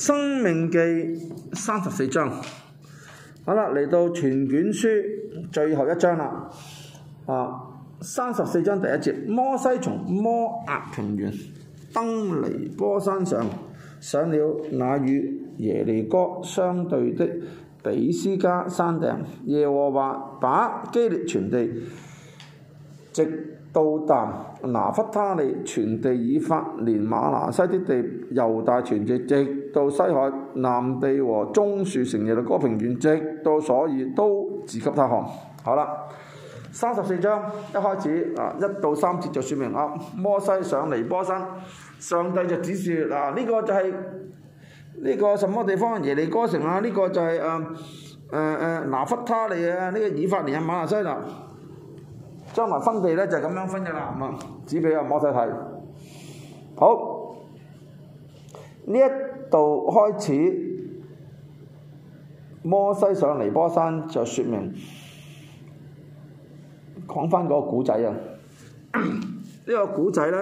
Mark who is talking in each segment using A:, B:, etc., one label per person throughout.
A: 《申命記》三十四章，好啦，嚟到全卷書最後一章啦。啊，三十四章第一節，摩西從摩押平原登尼波山上，上了那與耶利哥相對的比斯迦山頂。耶和華把基列全地，直到達拿弗他利全地、以法連、馬拿西啲地，猶大全地直到西海、南地和棕樹城耶利哥嘅平原，直到所以都指給他看。好啦，三十四章一開始啊，一到三節就説明喇，摩西上尼波山，上帝就指示嗱，呢、這個就係、是、呢、這個什麼地方？耶利哥城啊？呢、這個就係誒誒誒拿弗他利啊？呢、這個以法連啊，馬拿西嗱。將來分地咧就咁樣分咗啦。唔啊，只畀摩西睇。好，呢一度開始摩西上尼波山就説明講返嗰個古仔啊。呢、 呢個古仔呢，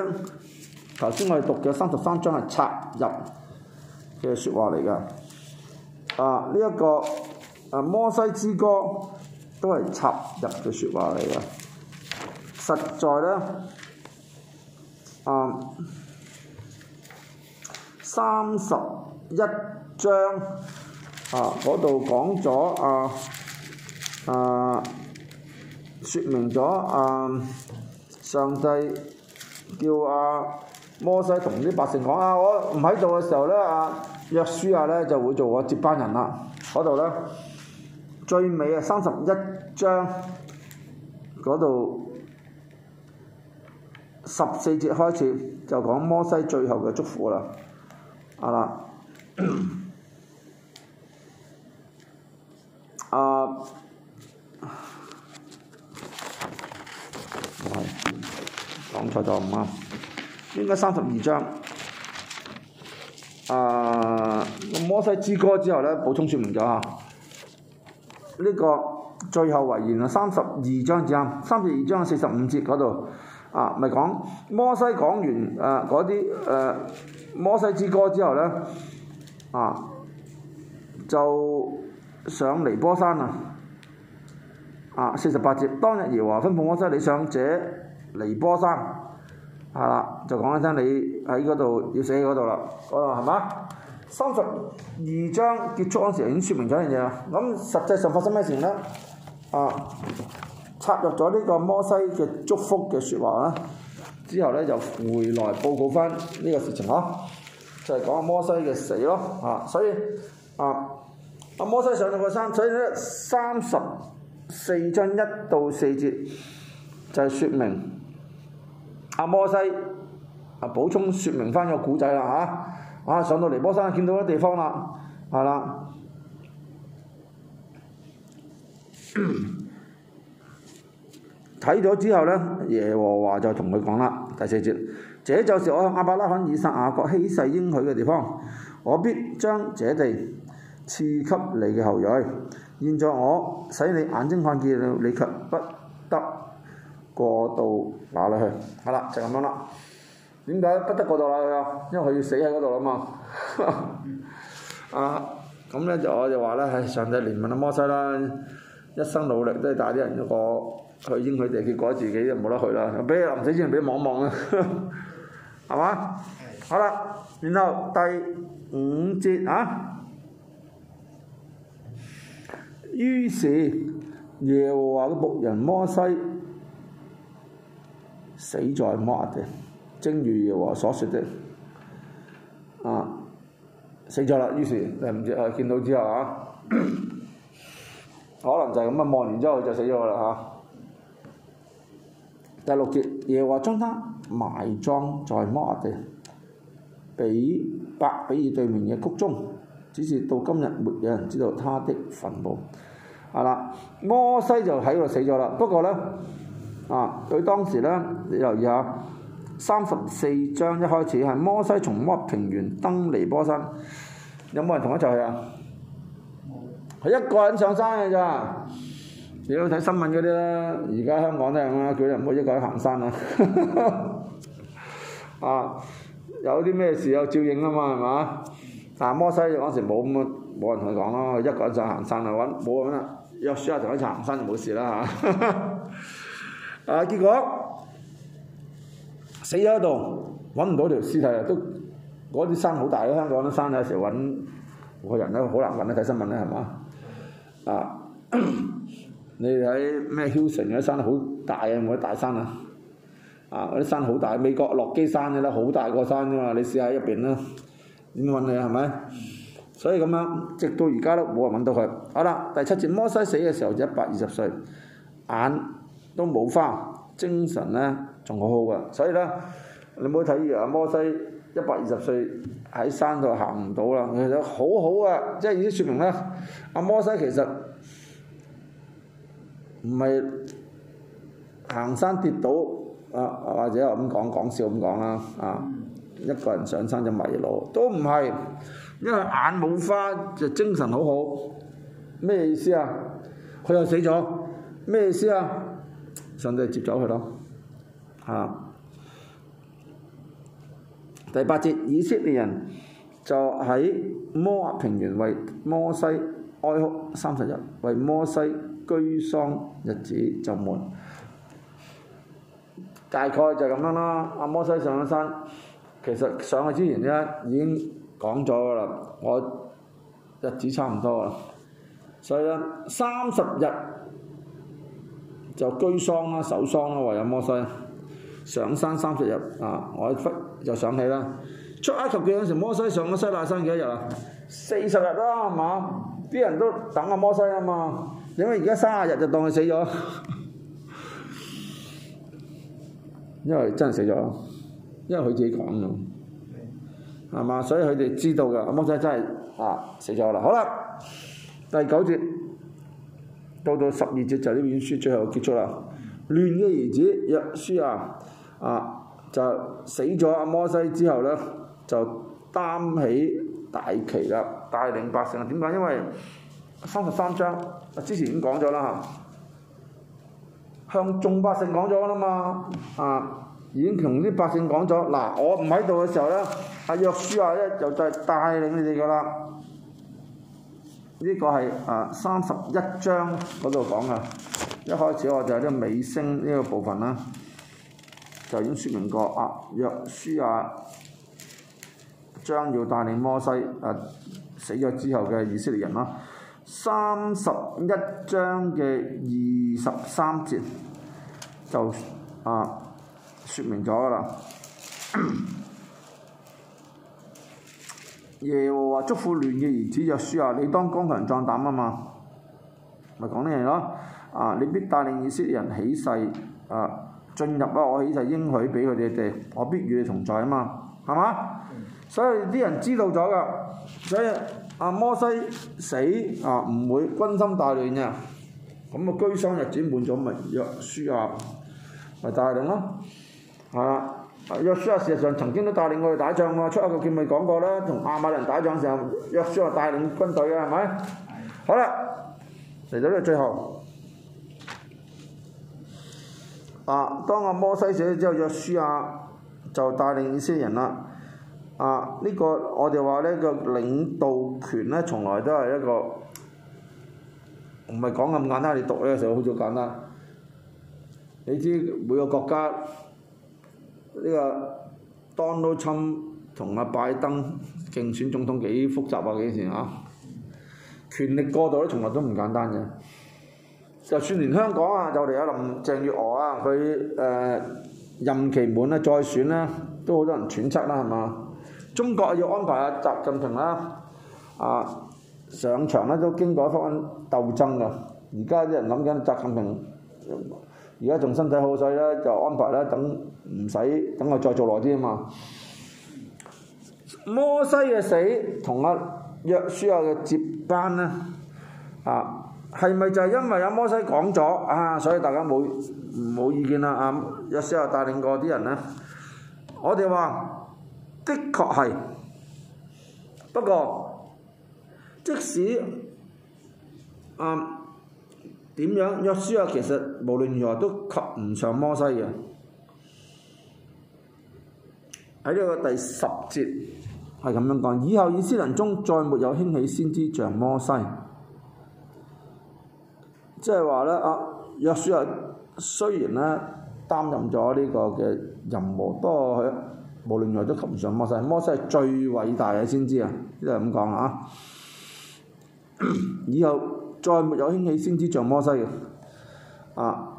A: 頭先我哋讀嘅三十三章係插入嘅説話嚟㗎。啊，呢、這、一個啊摩西之歌都係插入嘅説話嚟㗎。實在咧，啊，三十一章啊嗰度講咗啊啊，説明咗啊上帝叫阿摩西同啲百姓講啊，我唔喺度嘅時候咧，啊約書亞咧就會做我接班人啦。嗰度咧最尾啊，三十一章嗰度。十四節開始就講摩西最後嘅祝福啦，啊啦，啊，講錯咗唔啱，應該三十二章，啊摩西之歌之後呢，補充説明咗啊，呢個最後遺言啊，三十二章之後，三十二章四十五節嗰度。啊，咪講摩西講完誒嗰啲誒摩西之歌之後咧，啊就上尼波山啊，啊四十八節，當日耶和華吩咐摩西，你上這尼波山，係、啊、啦，就講一聲你喺嗰度要死喺嗰度啦，係嘛？三十二章結束嗰時已經説明咗一樣嘢，咁實際上發生咩事咧？啊？插入咗呢個摩西嘅祝福嘅説話啦，之後咧就回來報告翻呢個事情咯、啊，就係、是、講摩西嘅死咯嚇、啊，所以啊，阿摩西上到個山，所以咧三十四章一到四節就係、是、説明阿、啊、摩西啊補充説明翻個古仔啦嚇，啊，啊上到尼波山見到啲地方啦，係啦。 睇咗之後呢，耶和華就同佢講啦，第四節，這就是我向亞伯拉罕、以撒、雅各起誓應許嘅地方，我必將這地賜給你嘅後裔。現在我使你眼睛看見了，你卻不得過到哪裏去。好啦，就咁樣啦。點解不得過到哪裏去？因為佢要死喺嗰度啊嘛。 啊，咁呢，就我就話呢，係、哎、上帝憐憫阿摩西啦，一生努力都係帶啲人一個。去應佢哋，結果自己就冇得去啦。俾佢臨死之前俾望望啦，係嘛？的好啦，然後第五節啊，於是耶和華嘅僕人摩西死在摩押地，正如耶和華所説的啊，死咗啦。於是誒唔知誒見到之後啊， 可能就係咁啊，望完之後就死咗啦嚇。啊。第六節，耶和華將他埋葬在摩押地，比伯比爾對面嘅谷中。只是到今日，沒有人知道他的墳墓。啊啦，摩西就喺度死咗啦。不過呢，啊，佢當時呢，你留意下三十四章一開始係摩西從摩押平原登尼波山，有冇人同我一齊去啊？佢一個人上山嘅咋？你去睇新聞嗰啲啦，而家香港都係咁啦，佢又唔好一個人行山啊， 啊，有啲咩事有照應啊嘛，係嘛？啊摩西嗰時冇咁，冇人同佢講咯，一個人就行山啊，揾冇啊，約書亞就去行山就冇事啦嚇，啊， 啊結果死咗喺度，揾唔到條屍體啊，都嗰啲山好大啊，香港啲山有時揾個人都、啊、好難揾得，睇新聞咧係嘛？啊 你睇咩？丘神嗰啲山好大啊，冇得大山啊，啊啲山好大，美國落基山嘅啦，好大個山噶嘛，你試下入邊啦，點揾你係咪？所以咁樣，直到而家都冇人揾到佢。好啦，第七節，摩西死嘅時候就一百二十歲，眼都冇花，精神咧仲好好噶。所以咧，你冇睇住阿摩西一百二十歲喺山度行唔到啦，其實好好啊，即係已經説明咧，阿摩西其實。唔係行山跌倒啊，或者咁講講笑咁講啦，啊，一個人上山就迷路，都唔係，因為眼冇花就精神好好，咩意思啊？佢又死咗，咩意思啊？上帝接走佢咯，啊。第八節，以色列人就喺摩押平原為摩西哀哭三十日，為摩西。居喪日子就滿，大概就咁樣啦。阿摩西上咗山，其實上去之前咧已經講咗啦。我日子差唔多啦，所以咧三十日就居喪啦、守喪啦，唯有摩西上山三十日啊！我一忽就想起啦，出埃及記嗰陣時，摩西上咗西奈山幾多日啊？四十日啦，係嘛？啲人都等阿摩西啊嘛～因為而家卅日就當佢死咗， 因為真係死咗，因為佢自己講嘅，係嘛？所以佢哋知道嘅阿摩西真係啊死咗啦。好啦，第九節到到十二節就呢、係、本書最後結束啦。亂嘅兒子約書亞啊，啊，就死咗阿摩西之後咧，就擔起大旗啦，帶領百姓。點解？因為三十三章，之前已經講咗啦，向眾百姓講咗啦嘛，啊，已經同啲百姓講咗，嗱我唔喺度嘅時候呢，阿、啊、約書亞咧就再帶領你哋噶啦，呢、呢個係啊三十一章嗰度講嘅，一開始我就係呢尾聲呢個部分啦，就已經説明過啊約書亞將要帶領摩西啊死咗之後嘅以色列人啦。三十一章嘅二十三節就啊説明咗啦， 耶和華祝福嫩嘅兒子就説啊，你當剛強壯膽啊嘛，咪講呢樣咯，啊你必帶領以色列人起誓啊進入啊我起誓應許俾佢哋地，我必與你同在啊嘛，係嘛？嗯、所以啲人知道咗噶，所以。阿、啊、摩西死啊，唔會軍心大亂呀。咁啊，居喪日子滿咗，咪約書亞咪帶領咯。係啦，約書亞事實、啊啊啊、上曾經都帶領過我哋打仗喎、啊，出一個劍未講過啦。同亞瑪力人打仗嘅時候，約書亞帶領軍隊啊，係咪？的好啦，嚟到呢個最後，啊，當阿、啊、摩西死咗之後，約書亞就帶領呢些人啦。啊！呢、這個我哋話呢個領導權呢，從來都係一個唔係講咁簡單。你讀呢個時候好似簡單。你知每個國家呢、這個 Donald Trump 同阿拜登競選總統幾複雜啊？幾時啊？權力過度呢，從來都唔簡單嘅。就算連香港啊，就嚟阿林鄭月娥啊，佢誒、呃、任期滿啦，再選呢，都好多人揣測啦，係嘛？中國要安排阿習近平啦、啊，啊上場咧、啊、都經過一番鬥爭㗎。而家啲人諗緊習近平，而家仲身體好，所以咧就安排啦、啊，等唔使等我再做耐啲啊嘛。摩西嘅死同阿、啊、約書亞嘅接班呢，啊係咪就係因為阿摩西講咗啊，所以大家冇冇意見啦？啊約書亞帶領過啲人呢，我哋話。的確係，不過即使、嗯、啊點樣約書亞其實無論如何都及唔上摩西嘅。喺呢個第十節係咁樣講，以後以色列中再沒有興起先知像摩西。即係話咧啊，約書亞、啊、雖然咧擔任咗呢個嘅任務，不過佢。無論如何都及唔上摩西，摩西係最偉大嘅先知啊！呢度咁講啊，以後再沒有興起先知像摩西嘅啊。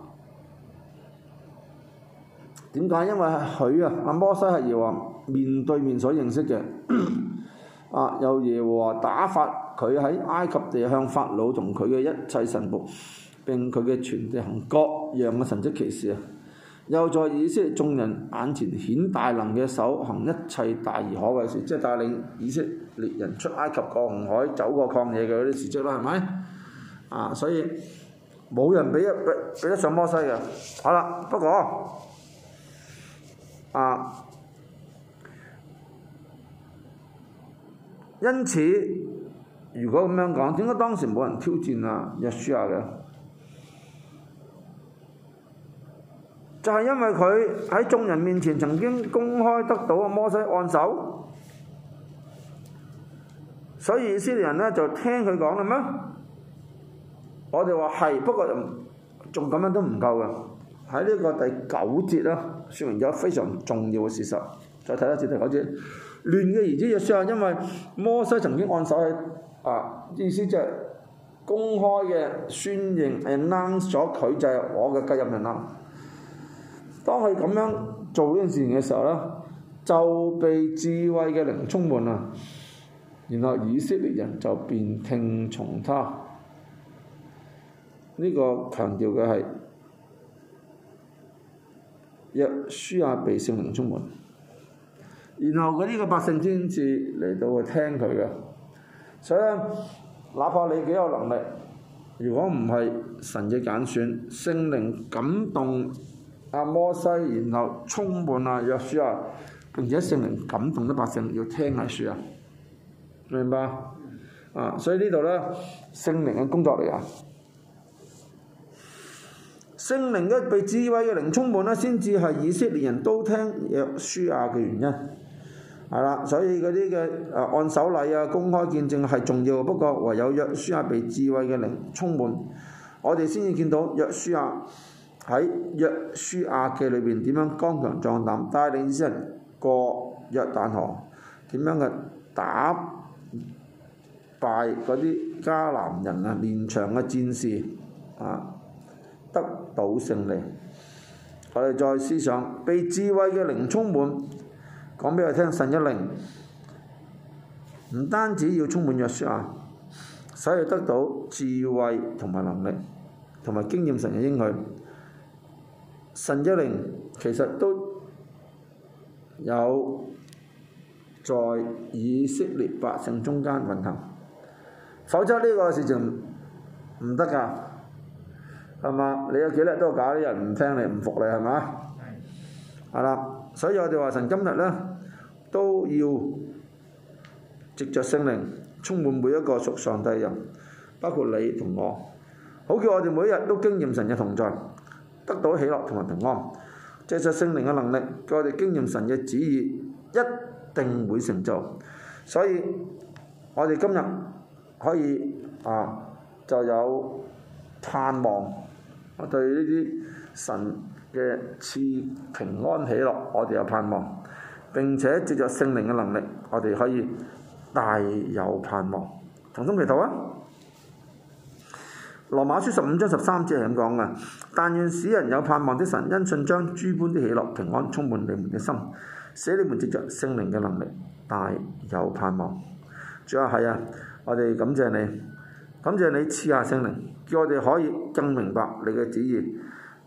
A: 點解？因為佢啊，阿摩西係耶和華面對面所認識嘅啊，由耶和華打發佢喺埃及地向法老同佢嘅一切臣僕，並佢嘅全地行各樣嘅神蹟奇事啊！又在以色列眾人眼前顯大能嘅手，行一切大而可畏，即係帶領以色列人出埃及過紅海，走過曠野嘅嗰啲事蹟啦，係咪？啊，所以冇人比，比，比得上摩西嘅。好啦，不過啊，因此如果咁樣講，點解當時冇人挑戰啊？約書亞啊？就係因為佢喺眾人面前曾經公開得到啊摩西按手，所以以色列人呢就聽佢講啦。咩？我哋話係，不過仲咁樣都唔夠嘅。喺呢個第九節啦，說明咗非常重要嘅事實。再睇一次第九節，嫩嘅兒子約書亞！因為摩西曾經按手啊，意思就係公開嘅宣認 announce 咗佢就係我嘅繼任人啦。當佢咁樣做呢件事嘅時候咧，就被智慧嘅靈充滿啊，然後以色列人就便聽從他。呢、這個強調嘅係，約書亞被聖靈充滿，然後呢個百姓先至嚟到去聽佢嘅。所以咧，哪怕你幾有能力，如果唔係神嘅揀選，聖靈感動。阿、啊、摩西，然後充滿啊約書亞、啊，並且聖靈感動啲百姓要聽約書亞啊，明白？啊，所以呢度呢，聖靈嘅工作嚟啊！聖靈一被智慧嘅靈充滿呢，先至係以色列人都聽約書亞、啊、嘅原因。係啦，所以嗰啲嘅啊按手禮啊公開見證係重要，不過唯有約書亞、啊、被智慧嘅靈充滿，我哋先至見到約書亞、啊。喺約書亞記裏邊，點樣剛強壯膽，帶領啲人過約旦河？點樣嘅打敗嗰啲迦南人啊？連場嘅戰士啊，得到勝利。我哋再思想，被智慧嘅靈充滿，講俾佢聽，神一靈唔單止要充滿約書亞，使佢得，得到智慧同埋能力，同埋經驗神嘅應許。神嘅靈其實都有在以色列百姓中間運行，否則呢個事情唔得噶，係嘛？你有幾叻都搞啲人唔聽你、唔服你，係嘛？係。係啦的，所以我哋話神今日呢都要藉着聖靈充滿每一個屬上帝人，包括你同我，好叫我哋每一日都經驗神嘅同在。得到喜樂同埋平安，借着聖靈嘅能力，叫我哋經驗神嘅旨意，一定會成就。所以我哋今日可以啊，就有盼望。我對呢啲神嘅賜平安喜樂，我哋有盼望。並且借着聖靈嘅能力，我哋可以大有盼望。同心祈禱啊？羅馬書十五章十三節係咁講嘅：「但願使人有盼望的神，因信將諸般的喜樂、平安充滿你們嘅心，使你們藉着聖靈嘅能力，大有盼望。最後係啊，我哋感謝你，感謝你賜下聖靈，叫我哋可以更明白你嘅旨意，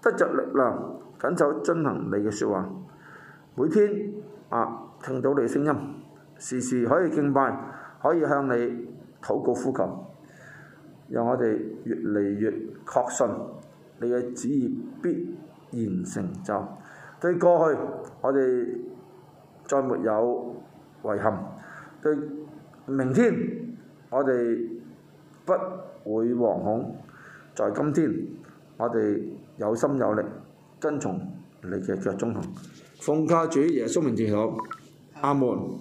A: 得着力量，緊守遵行你嘅說話，每天啊聽到你聲音，時時可以敬拜，可以向你禱告呼求。讓我哋越嚟越確信你嘅旨意必然成就。對過去，我哋再沒有遺憾；對明天，我哋不會惶恐。在今天，我哋有心有力，跟從你嘅腳中行。奉靠主耶穌名祈求。阿門。